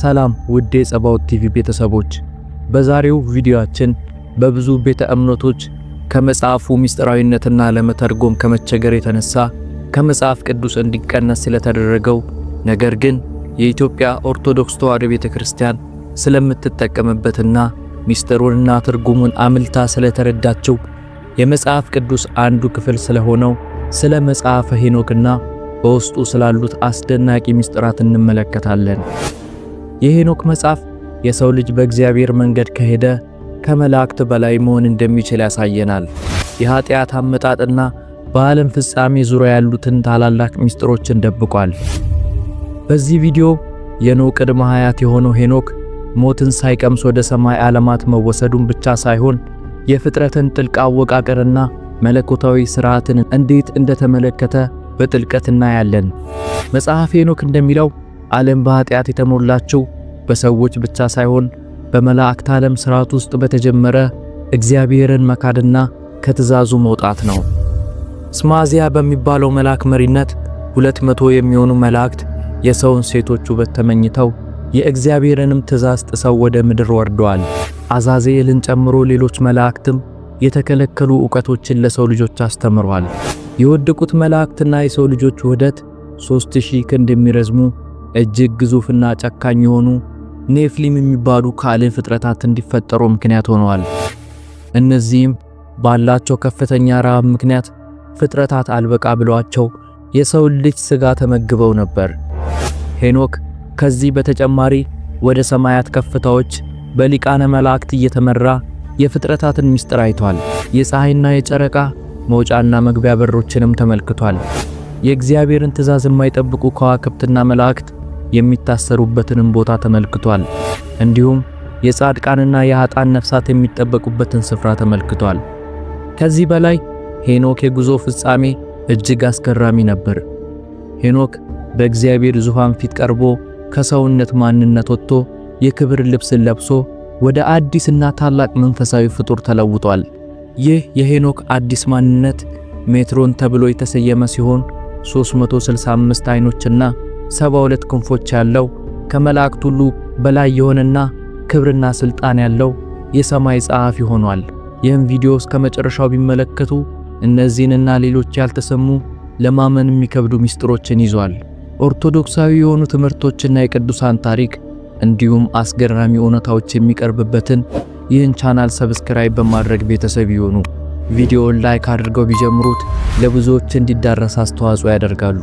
ሰላም ውድ የጸባኦት ቲቪ ቤተሰቦች፣ በዛሬው ቪዲዮአችን በብዙ ቤተ እምነቶች ከመጽሐፉ ምስጢራዊነትና ለመተርጎም ከመቸገር የተነሳ ከመጽሐፍ ቅዱስ እንዲቀነስ ስለተደረገው ነገር ግን የኢትዮጵያ ኦርቶዶክስ ተዋሕዶ ቤተክርስቲያን ስለምትጠቀምበትና ምስጢሩንና ትርጉሙን አምልታ ስለተረዳቸው የመጽሐፍ ቅዱስ አንዱ ክፍል ስለሆነው ስለ መጽሐፈ ሄኖክና በውስጡ ስላሉት አስደናቂ ምስጢራት እንመለከታለን። የሄኖክ መጽሐፍ የሰው ልጅ በእግዚአብሔር መንገድ ከሄደ ከመላእክት በላይ መሆን እንደሚችል ያሳየናል። የኃጢአት አመጣጥና በዓለም ፍጻሜ ዙሪያ ያሉትን ታላላቅ ምስጢሮችን ደብቋል። በዚህ ቪዲዮ የኖ ቅድመ አያት የሆነው ሄኖክ ሞትን ሳይቀምስ ወደ ሰማይ ዓለማት መወሰዱን ብቻ ሳይሆን የፍጥረትን ጥልቅ አወቃቀርና መለኮታዊ ሥርዓትን እንዴት እንደተመለከተ በጥልቀት እናያለን። መጽሐፍ ሄኖክ እንደሚለው ዓለም በኃጢአት የተሞላችው በሰዎች ብቻ ሳይሆን በመላእክት ዓለም ሥርዓት ውስጥ በተጀመረ እግዚአብሔርን መካድና ከትእዛዙ መውጣት ነው። ስማዚያ በሚባለው መልአክ መሪነት ሁለት መቶ የሚሆኑ መላእክት የሰውን ሴቶች ውበት ተመኝተው የእግዚአብሔርንም ትእዛዝ ጥሰው ወደ ምድር ወርደዋል። አዛዜልን ጨምሮ ሌሎች መላእክትም የተከለከሉ ዕውቀቶችን ለሰው ልጆች አስተምሯል። የወደቁት መላእክትና የሰው ልጆች ውህደት ሦስት ሺህ ክንድ የሚረዝሙ እጅግ ግዙፍና ጨካኝ የሆኑ ኔፍሊም የሚባሉ ከአለ ፍጥረታት እንዲፈጠሩ ምክንያት ሆነዋል። እነዚህም ባላቸው ከፍተኛ ረሃብ ምክንያት ፍጥረታት አልበቃ ብሏቸው የሰው ልጅ ስጋ ተመግበው ነበር። ሄኖክ ከዚህ በተጨማሪ ወደ ሰማያት ከፍታዎች በሊቃነ መላእክት እየተመራ የፍጥረታትን ምስጢር አይቷል። የፀሐይና የጨረቃ መውጫና መግቢያ በሮችንም ተመልክቷል። የእግዚአብሔርን ትእዛዝ የማይጠብቁ ከዋክብትና መላእክት የሚታሰሩበትንም ቦታ ተመልክቷል። እንዲሁም የጻድቃንና የኃጣን ነፍሳት የሚጠበቁበትን ስፍራ ተመልክቷል። ከዚህ በላይ ሄኖክ የጉዞ ፍጻሜ እጅግ አስገራሚ ነበር። ሄኖክ በእግዚአብሔር ዙፋን ፊት ቀርቦ ከሰውነት ማንነት ወጥቶ የክብር ልብስን ለብሶ ወደ አዲስና ታላቅ መንፈሳዊ ፍጡር ተለውጧል። ይህ የሄኖክ አዲስ ማንነት ሜትሮን ተብሎ የተሰየመ ሲሆን 365 አይኖችና ሰባ ሁለት ክንፎች ያለው ከመላእክት ሁሉ በላይ የሆነና ክብርና ስልጣን ያለው የሰማይ ጸሐፊ ሆኗል። ይህም ቪዲዮ እስከ መጨረሻው ቢመለከቱ እነዚህንና ሌሎች ያልተሰሙ ለማመን የሚከብዱ ምስጢሮችን ይዟል። ኦርቶዶክሳዊ የሆኑ ትምህርቶችና የቅዱሳን ታሪክ እንዲሁም አስገራሚ እውነታዎች የሚቀርብበትን ይህን ቻናል ሰብስክራይብ በማድረግ ቤተሰብ ይሆኑ። ቪዲዮውን ላይክ አድርገው ቢጀምሩት ለብዙዎች እንዲዳረስ አስተዋጽኦ ያደርጋሉ።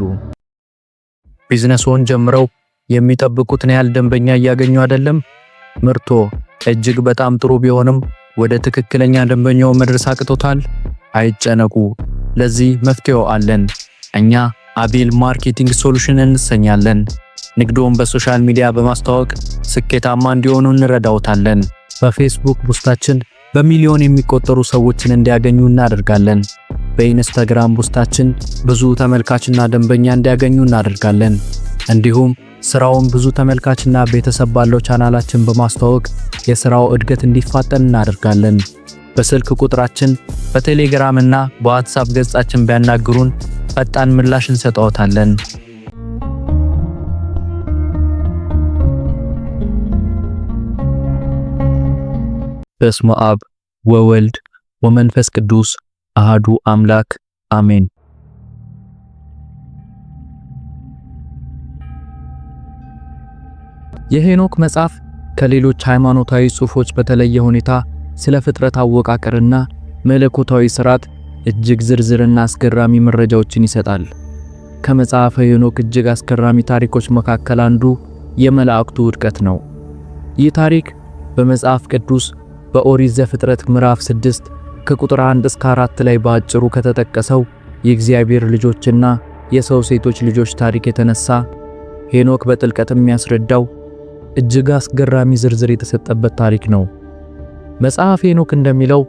ቢዝነስዎን ጀምረው የሚጠብቁትን ያህል ደንበኛ እያገኙ አይደለም? ምርቶ እጅግ በጣም ጥሩ ቢሆንም ወደ ትክክለኛ ደንበኛው መድረስ አቅቶታል? አይጨነቁ፣ ለዚህ መፍትሄው አለን። እኛ አቤል ማርኬቲንግ ሶሉሽን እንሰኛለን። ንግዶን በሶሻል ሚዲያ በማስተዋወቅ ስኬታማ እንዲሆኑ እንረዳውታለን። በፌስቡክ ቡስታችን በሚሊዮን የሚቆጠሩ ሰዎችን እንዲያገኙ እናደርጋለን። በኢንስታግራም ፖስታችን ብዙ ተመልካችና ደንበኛ እንዲያገኙ እናደርጋለን። እንዲሁም ስራውን ብዙ ተመልካችና ቤተሰብ ባለው ቻናላችን በማስተዋወቅ የስራው እድገት እንዲፋጠን እናደርጋለን። በስልክ ቁጥራችን በቴሌግራም እና በዋትሳፕ ገጻችን ቢያናግሩን ፈጣን ምላሽ እንሰጠዎታለን። በስመ አብ ወወልድ ወመንፈስ ቅዱስ አህዱ አምላክ አሜን። የሄኖክ መጽሐፍ ከሌሎች ሃይማኖታዊ ጽሑፎች በተለየ ሁኔታ ስለ ፍጥረት አወቃቀርና መለኮታዊ ስርዓት እጅግ ዝርዝርና አስገራሚ መረጃዎችን ይሰጣል። ከመጽሐፈ ሄኖክ እጅግ አስገራሚ ታሪኮች መካከል አንዱ የመላእክቱ ውድቀት ነው። ይህ ታሪክ በመጽሐፍ ቅዱስ በኦሪት ዘፍጥረት ምዕራፍ 6 ከቁጥር 1 እስከ 4 ላይ በአጭሩ ከተጠቀሰው የእግዚአብሔር ልጆችና የሰው ሴቶች ልጆች ታሪክ የተነሳ ሄኖክ በጥልቀት የሚያስረዳው እጅግ አስገራሚ ዝርዝር የተሰጠበት ታሪክ ነው። መጽሐፍ ሄኖክ እንደሚለው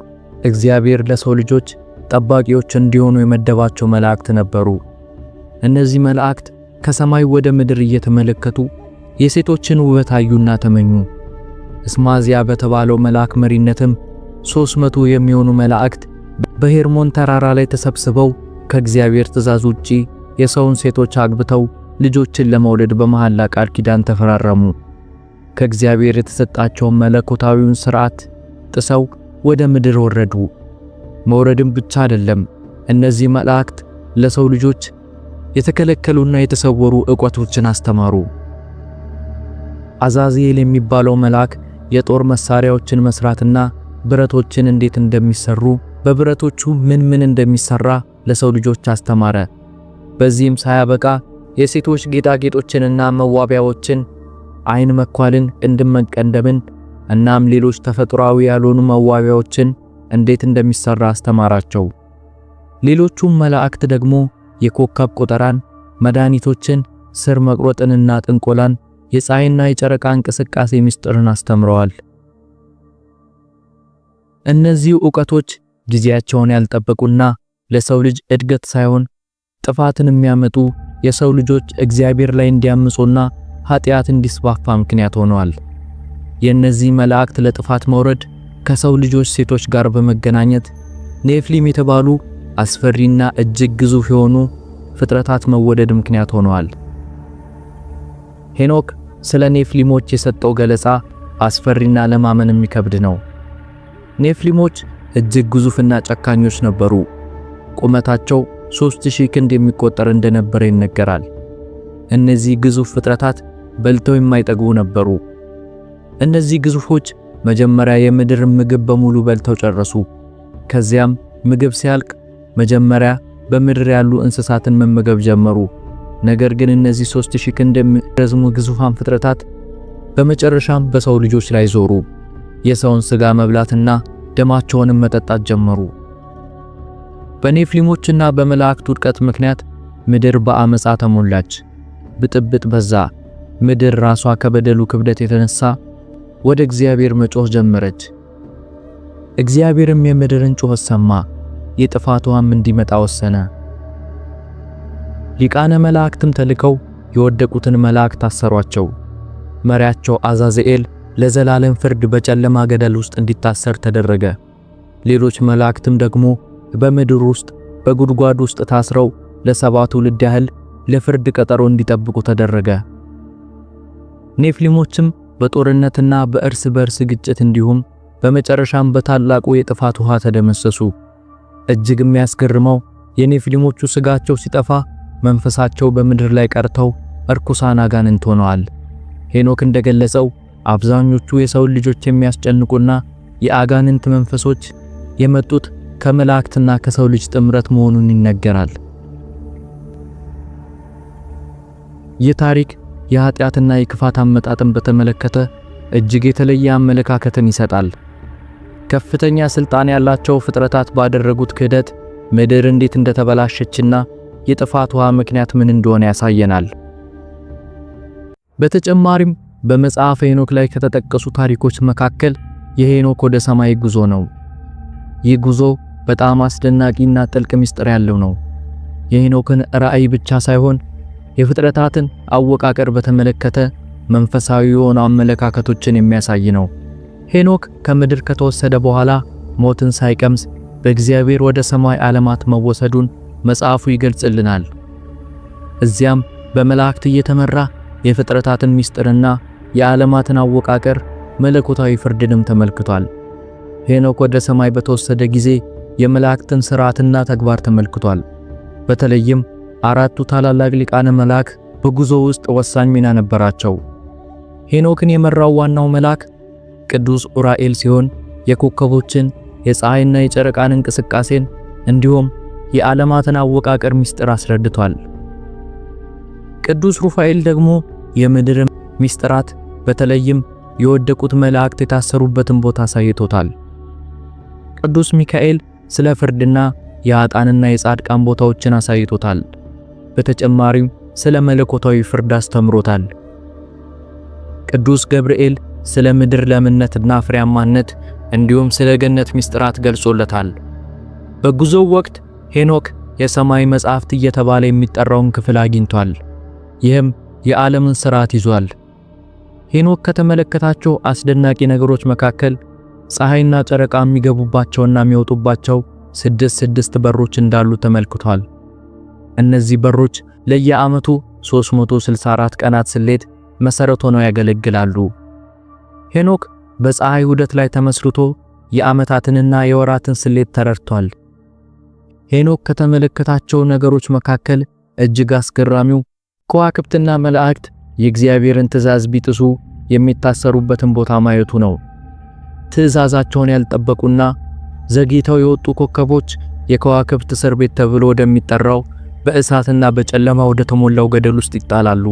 እግዚአብሔር ለሰው ልጆች ጠባቂዎች እንዲሆኑ የመደባቸው መላእክት ነበሩ። እነዚህ መላእክት ከሰማይ ወደ ምድር እየተመለከቱ የሴቶችን ውበት አዩና ተመኙ። እስማዚያ በተባለው መልአክ መሪነትም 300 የሚሆኑ መላእክት በሄርሞን ተራራ ላይ ተሰብስበው ከእግዚአብሔር ትእዛዝ ውጪ የሰውን ሴቶች አግብተው ልጆችን ለመውለድ በመሐላ ቃል ኪዳን ተፈራረሙ። ከእግዚአብሔር የተሰጣቸውን መለኮታዊውን ሥርዓት ጥሰው ወደ ምድር ወረዱ። መውረድም ብቻ አይደለም፣ እነዚህ መላእክት ለሰው ልጆች የተከለከሉና የተሰወሩ ዕውቀቶችን አስተማሩ። አዛዚኤል የሚባለው መልአክ የጦር መሳሪያዎችን መስራትና ብረቶችን እንዴት እንደሚሰሩ፣ በብረቶቹ ምን ምን እንደሚሰራ ለሰው ልጆች አስተማረ። በዚህም ሳያበቃ የሴቶች ጌጣጌጦችንና መዋቢያዎችን፣ አይን መኳልን፣ ቅንድም መቀንደምን እናም ሌሎች ተፈጥሯዊ ያልሆኑ መዋቢያዎችን እንዴት እንደሚሰራ አስተማራቸው። ሌሎቹም መላእክት ደግሞ የኮከብ ቁጠራን፣ መድኃኒቶችን፣ ስር መቁረጥንና ጥንቆላን፣ የፀሐይና የጨረቃ እንቅስቃሴ ምስጢርን አስተምረዋል። እነዚህ ዕውቀቶች ጊዜያቸውን ያልጠበቁና ለሰው ልጅ እድገት ሳይሆን ጥፋትን የሚያመጡ የሰው ልጆች እግዚአብሔር ላይ እንዲያምፁና ኃጢአት እንዲስፋፋ ምክንያት ሆነዋል። የእነዚህ መላእክት ለጥፋት መውረድ ከሰው ልጆች ሴቶች ጋር በመገናኘት ኔፍሊም የተባሉ አስፈሪና እጅግ ግዙፍ የሆኑ ፍጥረታት መወደድ ምክንያት ሆነዋል። ሄኖክ ስለ ኔፍሊሞች የሰጠው ገለጻ አስፈሪና ለማመን የሚከብድ ነው። ኔፍሊሞች እጅግ ግዙፍና ጨካኞች ነበሩ። ቁመታቸው 3000 ክንድ የሚቆጠር እንደነበረ ይነገራል። እነዚህ ግዙፍ ፍጥረታት በልተው የማይጠግቡ ነበሩ። እነዚህ ግዙፎች መጀመሪያ የምድር ምግብ በሙሉ በልተው ጨረሱ። ከዚያም ምግብ ሲያልቅ መጀመሪያ በምድር ያሉ እንስሳትን መመገብ ጀመሩ። ነገር ግን እነዚህ 3000 ክንድ የሚረዝሙ ግዙፋን ፍጥረታት በመጨረሻም በሰው ልጆች ላይ ዞሩ። የሰውን ሥጋ መብላትና ደማቸውንም መጠጣት ጀመሩ። በኔፍሊሞችና በመላእክት ውድቀት ምክንያት ምድር በአመፃ ተሞላች። ብጥብጥ በዛ። ምድር ራሷ ከበደሉ ክብደት የተነሳ ወደ እግዚአብሔር መጮህ ጀመረች። እግዚአብሔርም የምድርን ጩኸት ሰማ፣ የጥፋቷም እንዲመጣ ወሰነ። ሊቃነ መላእክትም ተልከው የወደቁትን መላእክት አሰሯቸው። መሪያቸው አዛዝኤል ለዘላለም ፍርድ በጨለማ ገደል ውስጥ እንዲታሰር ተደረገ። ሌሎች መላእክትም ደግሞ በምድር ውስጥ በጉድጓድ ውስጥ ታስረው ለሰባ ትውልድ ያህል ለፍርድ ቀጠሮ እንዲጠብቁ ተደረገ። ኔፍሊሞችም በጦርነትና በእርስ በእርስ ግጭት እንዲሁም በመጨረሻም በታላቁ የጥፋት ውሃ ተደመሰሱ። እጅግ የሚያስገርመው የኔፍሊሞቹ ስጋቸው ሲጠፋ መንፈሳቸው በምድር ላይ ቀርተው እርኩሳን አጋንንት ሆነዋል። ሄኖክ እንደገለጸው አብዛኞቹ የሰው ልጆች የሚያስጨንቁና የአጋንንት መንፈሶች የመጡት ከመላእክትና ከሰው ልጅ ጥምረት መሆኑን ይነገራል። ይህ ታሪክ የኃጢአትና የክፋት አመጣጥን በተመለከተ እጅግ የተለየ አመለካከትን ይሰጣል። ከፍተኛ ስልጣን ያላቸው ፍጥረታት ባደረጉት ክህደት ምድር እንዴት እንደተበላሸችና የጥፋት ውሃ ምክንያት ምን እንደሆነ ያሳየናል። በተጨማሪም በመጽሐፈ ሄኖክ ላይ ከተጠቀሱ ታሪኮች መካከል የሄኖክ ወደ ሰማይ ጉዞ ነው። ይህ ጉዞ በጣም አስደናቂና ጥልቅ ምስጢር ያለው ነው። የሄኖክን ራእይ ብቻ ሳይሆን የፍጥረታትን አወቃቀር በተመለከተ መንፈሳዊ የሆኑ አመለካከቶችን የሚያሳይ ነው። ሄኖክ ከምድር ከተወሰደ በኋላ ሞትን ሳይቀምስ በእግዚአብሔር ወደ ሰማይ ዓለማት መወሰዱን መጽሐፉ ይገልጽልናል። እዚያም በመላእክት እየተመራ የፍጥረታትን ምስጢርና የዓለማትን አወቃቀር መለኮታዊ ፍርድንም ተመልክቷል። ሄኖክ ወደ ሰማይ በተወሰደ ጊዜ የመላእክትን ሥርዓትና ተግባር ተመልክቷል። በተለይም አራቱ ታላላቅ ሊቃነ መልአክ በጉዞ ውስጥ ወሳኝ ሚና ነበራቸው። ሄኖክን የመራው ዋናው መልአክ ቅዱስ ዑራኤል ሲሆን የኮከቦችን የፀሐይና የጨረቃን እንቅስቃሴን እንዲሁም የዓለማትን አወቃቀር ምስጢር አስረድቷል። ቅዱስ ሩፋኤል ደግሞ የምድር ምስጢራት በተለይም የወደቁት መላእክት የታሰሩበትን ቦታ አሳይቶታል። ቅዱስ ሚካኤል ስለ ፍርድና የአጣንና የጻድቃን ቦታዎችን አሳይቶታል። በተጨማሪም ስለ መለኮታዊ ፍርድ አስተምሮታል። ቅዱስ ገብርኤል ስለ ምድር ለምነትና ፍሬያማነት እንዲሁም ስለ ገነት ምስጢራት ገልጾለታል። በጉዞው ወቅት ሄኖክ የሰማይ መጻሕፍት እየተባለ የሚጠራውን ክፍል አግኝቷል። ይህም የዓለምን ሥርዓት ይዟል። ሄኖክ ከተመለከታቸው አስደናቂ ነገሮች መካከል ፀሐይና ጨረቃ የሚገቡባቸውና የሚወጡባቸው ስድስት ስድስት በሮች እንዳሉ ተመልክቷል። እነዚህ በሮች ለየዓመቱ 364 ቀናት ስሌት መሰረት ሆነው ያገለግላሉ። ሄኖክ በፀሐይ ውደት ላይ ተመስርቶ የዓመታትንና የወራትን ስሌት ተረድቷል። ሄኖክ ከተመለከታቸው ነገሮች መካከል እጅግ አስገራሚው ከዋክብትና መላእክት የእግዚአብሔርን ትእዛዝ ቢጥሱ የሚታሰሩበትን ቦታ ማየቱ ነው። ትእዛዛቸውን ያልጠበቁና ዘግይተው የወጡ ኮከቦች የከዋክብት እስር ቤት ተብሎ ወደሚጠራው በእሳትና በጨለማ ወደ ተሞላው ገደል ውስጥ ይጣላሉ።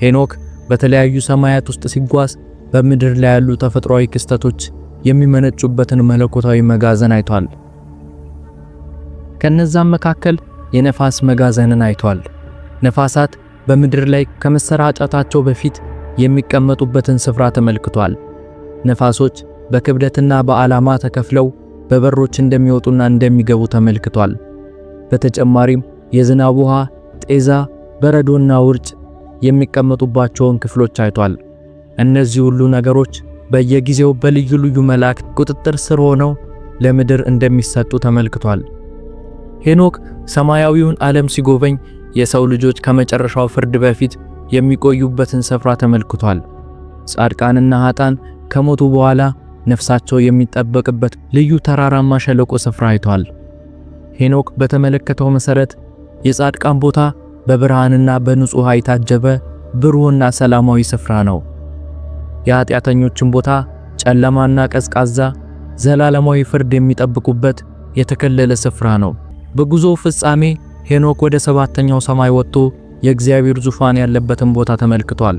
ሄኖክ በተለያዩ ሰማያት ውስጥ ሲጓዝ በምድር ላይ ያሉ ተፈጥሯዊ ክስተቶች የሚመነጩበትን መለኮታዊ መጋዘን አይቷል። ከነዛም መካከል የነፋስ መጋዘንን አይቷል። ነፋሳት በምድር ላይ ከመሰራጨታቸው በፊት የሚቀመጡበትን ስፍራ ተመልክቷል። ነፋሶች በክብደትና በዓላማ ተከፍለው በበሮች እንደሚወጡና እንደሚገቡ ተመልክቷል። በተጨማሪም የዝናብ ውሃ፣ ጤዛ፣ በረዶና ውርጭ የሚቀመጡባቸውን ክፍሎች አይቷል። እነዚህ ሁሉ ነገሮች በየጊዜው በልዩ ልዩ መላእክት ቁጥጥር ስር ሆነው ለምድር እንደሚሰጡ ተመልክቷል። ሄኖክ ሰማያዊውን ዓለም ሲጎበኝ የሰው ልጆች ከመጨረሻው ፍርድ በፊት የሚቆዩበትን ስፍራ ተመልክቷል። ጻድቃንና ኃጣን ከሞቱ በኋላ ነፍሳቸው የሚጠበቅበት ልዩ ተራራማ ሸለቆ ስፍራ አይቷል። ሄኖክ በተመለከተው መሰረት የጻድቃን ቦታ በብርሃንና በንጹህ የታጀበ ብሩህና ሰላማዊ ስፍራ ነው። የኃጢአተኞችን ቦታ ጨለማና ቀዝቃዛ ዘላለማዊ ፍርድ የሚጠብቁበት የተከለለ ስፍራ ነው። በጉዞ ፍጻሜ ሄኖክ ወደ ሰባተኛው ሰማይ ወጥቶ የእግዚአብሔር ዙፋን ያለበትን ቦታ ተመልክቷል።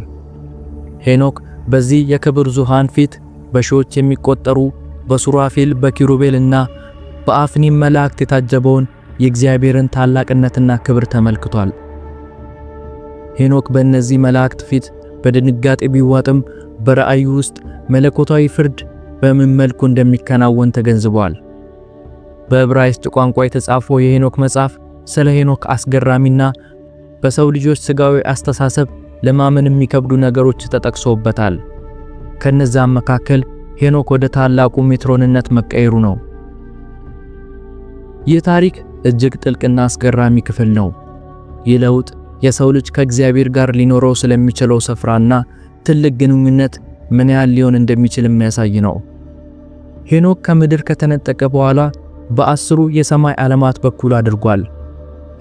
ሄኖክ በዚህ የክብር ዙፋን ፊት በሺዎች የሚቆጠሩ በሱራፊል በኪሩቤልና እና በአፍኒም መላእክት የታጀበውን የእግዚአብሔርን ታላቅነትና ክብር ተመልክቷል። ሄኖክ በእነዚህ መላእክት ፊት በድንጋጤ ቢዋጥም በራእዩ ውስጥ መለኮታዊ ፍርድ በምን መልኩ እንደሚከናወን ተገንዝቧል። በዕብራይስጥ ቋንቋ የተጻፈው የሄኖክ መጽሐፍ ስለ ሄኖክ አስገራሚና በሰው ልጆች ስጋዊ አስተሳሰብ ለማመን የሚከብዱ ነገሮች ተጠቅሶበታል። ከነዛም መካከል ሄኖክ ወደ ታላቁ ሜትሮንነት መቀየሩ ነው። ይህ ታሪክ እጅግ ጥልቅና አስገራሚ ክፍል ነው። ይህ ለውጥ የሰው ልጅ ከእግዚአብሔር ጋር ሊኖረው ስለሚችለው ስፍራና ትልቅ ግንኙነት ምን ያህል ሊሆን እንደሚችል የሚያሳይ ነው። ሄኖክ ከምድር ከተነጠቀ በኋላ በአስሩ የሰማይ ዓለማት በኩል አድርጓል።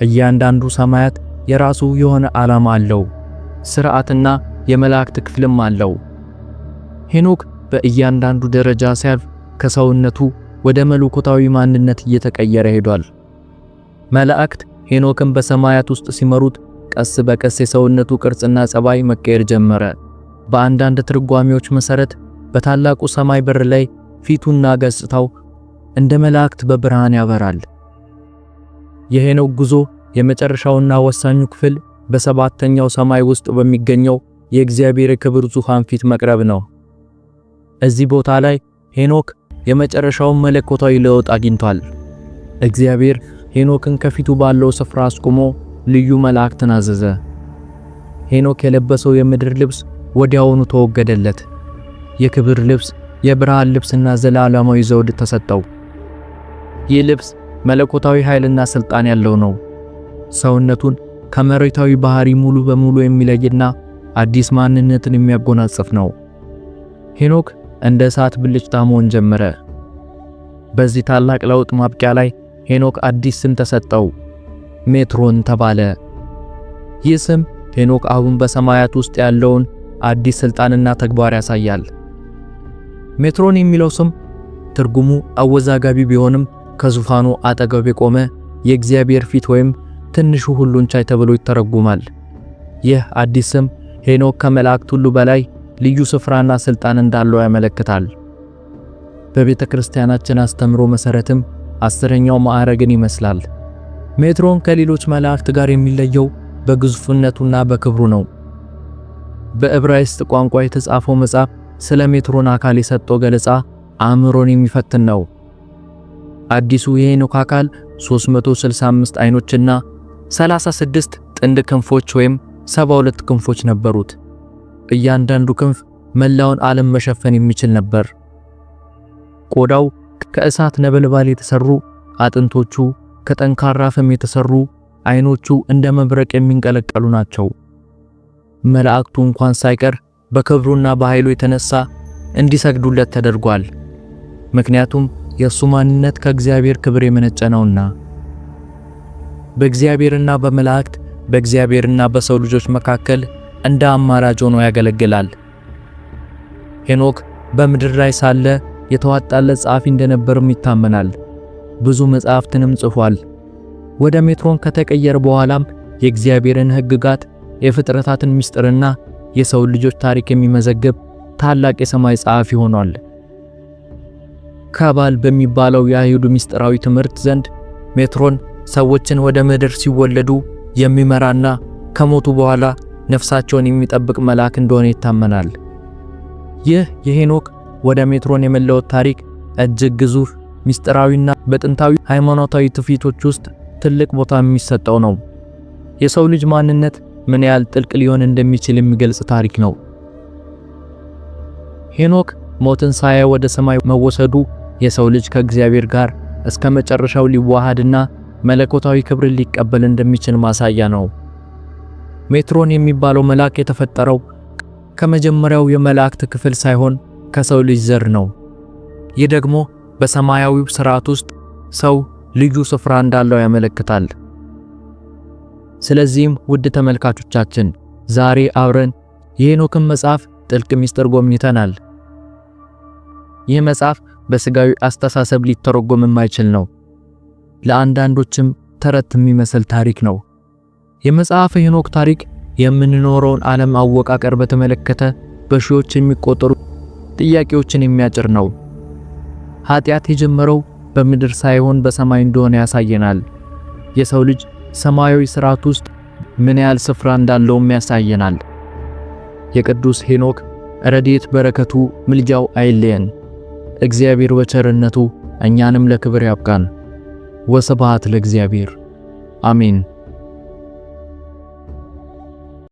እያንዳንዱ ሰማያት የራሱ የሆነ ዓላማ አለው። ሥርዓትና የመላእክት ክፍልም አለው። ሄኖክ በእያንዳንዱ ደረጃ ሲያልፍ ከሰውነቱ ወደ መለኮታዊ ማንነት እየተቀየረ ሄዷል። መላእክት ሄኖክን በሰማያት ውስጥ ሲመሩት ቀስ በቀስ የሰውነቱ ቅርጽና ጸባይ መቀየር ጀመረ። በአንዳንድ ትርጓሚዎች መሠረት በታላቁ ሰማይ በር ላይ ፊቱና ገጽታው እንደ መላእክት በብርሃን ያበራል። የሄኖክ ጉዞ የመጨረሻውና ወሳኙ ክፍል በሰባተኛው ሰማይ ውስጥ በሚገኘው የእግዚአብሔር ክብር ዙፋን ፊት መቅረብ ነው። እዚህ ቦታ ላይ ሄኖክ የመጨረሻውን መለኮታዊ ለውጥ አግኝቷል። እግዚአብሔር ሄኖክን ከፊቱ ባለው ስፍራ አስቆሞ ልዩ መላእክትን አዘዘ። ሄኖክ የለበሰው የምድር ልብስ ወዲያውኑ ተወገደለት። የክብር ልብስ፣ የብርሃን ልብስና ዘላለማዊ ዘውድ ተሰጠው። ይህ ልብስ መለኮታዊ ኃይልና ሥልጣን ያለው ነው። ሰውነቱን ከመሬታዊ ባህሪ ሙሉ በሙሉ የሚለይና አዲስ ማንነትን የሚያጎናጽፍ ነው። ሄኖክ እንደ እሳት ብልጭታ መሆን ጀመረ። በዚህ ታላቅ ለውጥ ማብቂያ ላይ ሄኖክ አዲስ ስም ተሰጠው፣ ሜትሮን ተባለ። ይህ ስም ሄኖክ አሁን በሰማያት ውስጥ ያለውን አዲስ ስልጣንና ተግባር ያሳያል። ሜትሮን የሚለው ስም ትርጉሙ አወዛጋቢ ቢሆንም ከዙፋኑ አጠገብ የቆመ የእግዚአብሔር ፊት ወይም ትንሹ ሁሉን ቻይ ተብሎ ይተረጉማል። ይህ አዲስ ስም ሄኖክ ከመላእክት ሁሉ በላይ ልዩ ስፍራና ስልጣን እንዳለው ያመለክታል። በቤተ ክርስቲያናችን አስተምሮ መሰረትም አስረኛው ማዕረግን ይመስላል። ሜትሮን ከሌሎች መላእክት ጋር የሚለየው በግዙፍነቱና በክብሩ ነው። በዕብራይስጥ ቋንቋ የተጻፈው መጽሐፍ ስለ ሜትሮን አካል የሰጠው ገለጻ አእምሮን የሚፈትን ነው። አዲሱ የሄኖክ አካል 365 አይኖችና 36 ጥንድ ክንፎች ወይም 72 ክንፎች ነበሩት። እያንዳንዱ ክንፍ መላውን ዓለም መሸፈን የሚችል ነበር። ቆዳው ከእሳት ነበልባል የተሰሩ፣ አጥንቶቹ ከጠንካራ ፍም የተሰሩ፣ አይኖቹ እንደ መብረቅ የሚንቀለቀሉ ናቸው። መላእክቱ እንኳን ሳይቀር በክብሩና በኃይሉ የተነሳ እንዲሰግዱለት ተደርጓል። ምክንያቱም የእሱ ማንነት ከእግዚአብሔር ክብር የመነጨ ነውና። በእግዚአብሔርና በመላእክት በእግዚአብሔርና በሰው ልጆች መካከል እንደ አማራጅ ሆኖ ያገለግላል። ሄኖክ በምድር ላይ ሳለ የተዋጣለት ጸሐፊ እንደነበርም ይታመናል። ብዙ መጻሕፍትንም ጽፏል። ወደ ሜትሮን ከተቀየረ በኋላም የእግዚአብሔርን ሕግጋት የፍጥረታትን ምስጢርና የሰው ልጆች ታሪክ የሚመዘግብ ታላቅ የሰማይ ጸሐፊ ሆኗል። ካባል በሚባለው የአይሁድ ምስጢራዊ ትምህርት ዘንድ ሜትሮን ሰዎችን ወደ ምድር ሲወለዱ የሚመራና ከሞቱ በኋላ ነፍሳቸውን የሚጠብቅ መልአክ እንደሆነ ይታመናል። ይህ የሄኖክ ወደ ሜትሮን የመለወጥ ታሪክ እጅግ ግዙፍ ምስጢራዊና በጥንታዊ ሃይማኖታዊ ትውፊቶች ውስጥ ትልቅ ቦታ የሚሰጠው ነው። የሰው ልጅ ማንነት ምን ያህል ጥልቅ ሊሆን እንደሚችል የሚገልጽ ታሪክ ነው። ሄኖክ ሞትን ሳያይ ወደ ሰማይ መወሰዱ የሰው ልጅ ከእግዚአብሔር ጋር እስከ መጨረሻው ሊዋሃድና መለኮታዊ ክብርን ሊቀበል እንደሚችል ማሳያ ነው። ሜትሮን የሚባለው መልአክ የተፈጠረው ከመጀመሪያው የመላእክት ክፍል ሳይሆን ከሰው ልጅ ዘር ነው። ይህ ደግሞ በሰማያዊው ሥርዓት ውስጥ ሰው ልዩ ስፍራ እንዳለው ያመለክታል። ስለዚህም ውድ ተመልካቾቻችን ዛሬ አብረን የሄኖክን መጽሐፍ ጥልቅ ምስጢር ጎብኝተናል። ይህ መጽሐፍ በስጋዊ አስተሳሰብ ሊተረጎም የማይችል ነው። ለአንዳንዶችም ተረት የሚመስል ታሪክ ነው። የመጽሐፈ ሄኖክ ታሪክ የምንኖረውን ዓለም አወቃቀር በተመለከተ በሺዎች የሚቆጠሩ ጥያቄዎችን የሚያጭር ነው። ኃጢአት የጀመረው በምድር ሳይሆን በሰማይ እንደሆነ ያሳየናል። የሰው ልጅ ሰማያዊ ስርዓት ውስጥ ምን ያህል ስፍራ እንዳለውም ያሳየናል። የቅዱስ ሄኖክ ረድኤት በረከቱ ምልጃው አይለየን። እግዚአብሔር በቸርነቱ እኛንም ለክብር ያብቃን። وسبعات لك زيابير. آمين